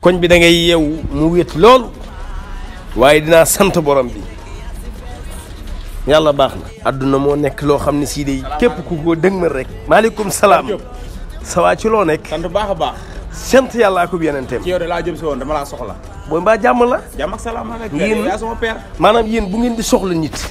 koñ bi da ngay yeewu mu wéet lool waaye dinaa sant borom bi yàlla baax na àdduna moo nekk loo xam ne sii day képp ku ko dëgmal rek maaleykum salaam sa ci loo nekk sant baax a baax sant yàlla akub yeneenteem ci laa jëm dama laa soxla booy mbaa jàmm la maanaam yéen bu ngeen di soxla nit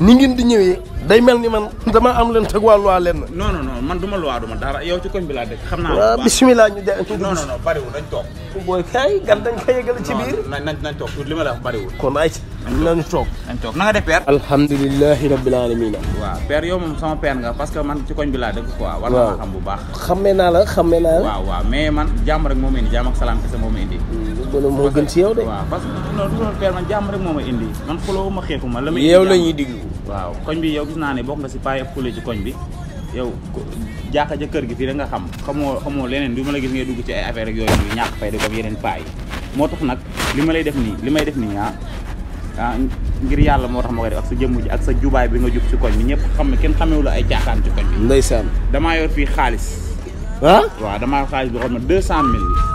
ni ngeen di ñëwee day mel ni man dama am leen teg waa loi leen. non non man duma ma loi ma dara yow ci koñ bi laa dëkk xam naa. waaw bisimilah ñu de. non non non bariwul nañ toog. booy kay gan dañ koy yëgal ci biir. nañ toog tuuti li ma la wax bariwul. kon ay nañ toog nañ toog na nga def père. alhamdulilahi rabbil alamin. waaw père yow moom sama père nga parce que man ci koñ bi laa dëkk quoi. waaw war naa xam bu baax. xamee naa la xam naa la. waaw waaw mais man jàmm rek moo ma indi jàmm ak salaam kese moo indi. Mm, moo gën ci yow de. waaw parce que non du ma père man jàmm rek moo ma indi man xuloo ma xeexu ma. la ma indi la ñuy diglu waaw koñ bi yow gis naa ne bokk nga si payi ak kule ci koñ bi yow jàkka ja kër gi fii da nga xam xamoo xamoo leneen du ma la gis ngay dugg ci ay affaire a yooyu yu ñàkk fay da comme yeneen payi moo tax nag li ma lay def nii li may def nii ah ah ngir yàlla moo tax ma koy def ak sa jëmm ji ak sa jubaay bi nga jub ci koñ bi ñëpp xam ne kenn xamewu la ay caaxaan ci koñ bi ndeysaan damaa yor fii xaalis ah waaw damaa yor xaalis boo xam ne deux cent mille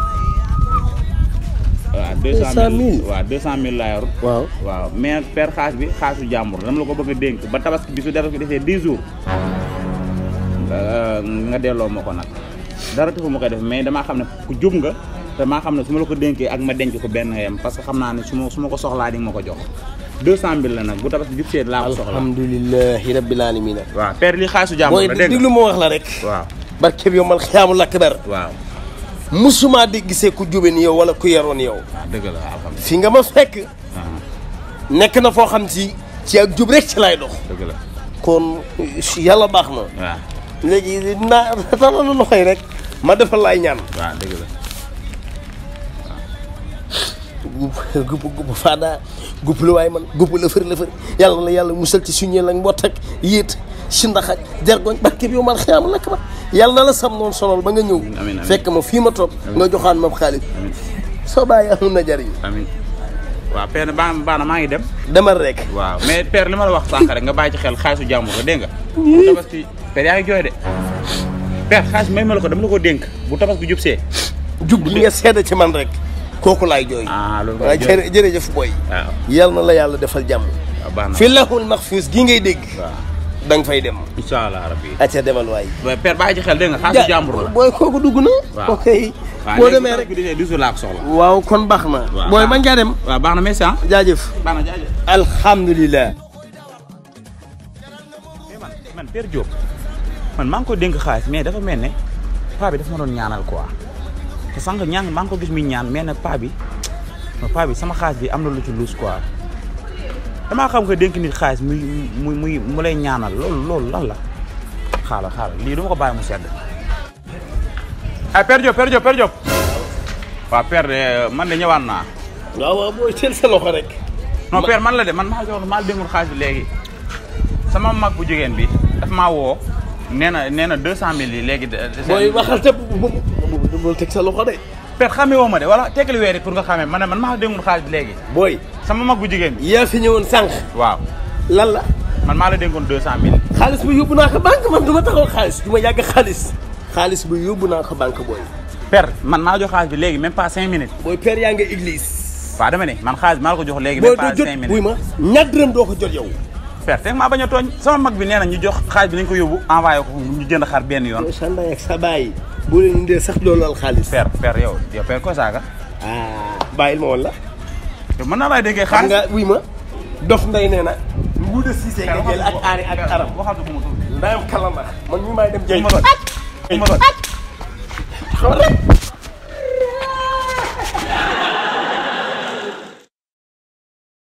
waaw deux cent mille waaw deux cent mille laa yor waaw waaw mais per xaas bi xaasu jàmbur dama la ko bëgg a dénk ba tabaski bi su tabaski defee dix jours nga delloo ma ko nag dara taxu ma koy def mais damaa xam ne ku jub nga te maa xam ne su ma la ko dénkee ak ma denc ko benn yem parce que xam naa ne su ma su ma ko soxlaa di ma ko jox deux cent mille la nag bu tabaski jub see laa ko soxla alhamdulilahi rabbil alamin waaw per li xaasu la dégg wax la rek waaw barke yow man xiyaamu lakk ber waaw maa di gisee ku jube ni yow wala ku yaroon yow. Ah, dëgg la fi nga ma fekk. Ah. nekk na foo xam ci ci ak jub rek ci lay dox. dëgg la kon yàlla baax na. Ah. léegi naa tàllal loxo yi rek ma defal ñaan. waaw dëgg la waaw. gupp gupp faada gupp lu waay man gupp la fër la yàlla la yàlla musal ci suñu lañ ak rek ak sindax si ndax ak jargoñ barke bi yow man xiyaam lakk ba. yàlla na la sam noonu sonal ba nga ñëw fekk ma fii ma toog nga joxaan ma xaalis soo bàyyi amul na jariñ amiin waaw père na baax na maa ngi dem demal rek waaw mais per li ma la wax sànq nga bàyyi xel xaalisu jàmbur la nga bu tabaski père yaa ngi jooy de père xaalis may ko dama la ko dénk bu tabaski jub see jub gi nga sedd ci man rek kooku laay jooy ah, waaw jërëjëf booy yal na la yàlla defal jàmm fi lahul maxfuus gi ngay dégg da nga fay dem. incha allah rabi. acca demal waay. mais père bàyyi ci xel dégg nga booy kooku dugg na. waaw ok. boo demee rek waaw kon baax na. booy man jaa dem. waaw baax na merci ah. jaajëf. baax na jaajëf. alhamdulilah. Eh, man man père Diop man maa ngi koy xaalis mais dafa mel ne paa bi dafa ma doon ñaanal quoi te sànq ñaan maa ngi ko gis muy ñaan mais nag paa bi paa sama xaalis bi am na lu ci luus damaa xam nga dénk nit xaalis muy muy muy mu lay ñaanal loolu loolu lan la xaaral xaaral lii du ma ko bàyyi mu sedd. ay ah, Père Diop Père Diop Père de man de ñëwaat naa. waaw waaw booy teel sa loxo rek. non man la de man maa jox maa dénkul xaalis bi léegi sama mag bu jigéen bi daf maa woo nee na nee na deux cent mille yi léegi. booy waxal te bu teg sa loxo de. Père xamee woo ma de wala teg lu weer pour nga xamee man man maa dénkul xaalis bi léegi. booy. sama mag bu jigéen bi. yaa fi ñëwoon sànq. waaw lan la. man maa la dénkoon deux cent mille. xaalis bu yóbbu naa ko banque man du ma taxaw xaalis du ma yàgg xaalis. xaalis bu yóbbu naa ko banque booy. per man maa jox xaalis bi léegi même pas cinq minutes. booy père yaa nga église. waaw dama ne man xaalis maa la ko jox léegi. même pas cinq minutes booy doo ma ñaar dërëm doo ko jot yow. père teg maa bañ a tooñ sama mag bi nee na ñu jox xaalis bi nañ ko yóbbu envoyé ko ñu jënd xar benn yoon. sa ndey ak sa baay boo leen indee sax loolal xaalis. yow yow père ko saaga. Ah, la yow mën naa laa déggee xaalis nga wuy ma dof ndey nee na nguuda siise nga jël ak aari ak aram waxatu ko ma tuuti ndayam kala man ñu may dem jëy ma doon ma doon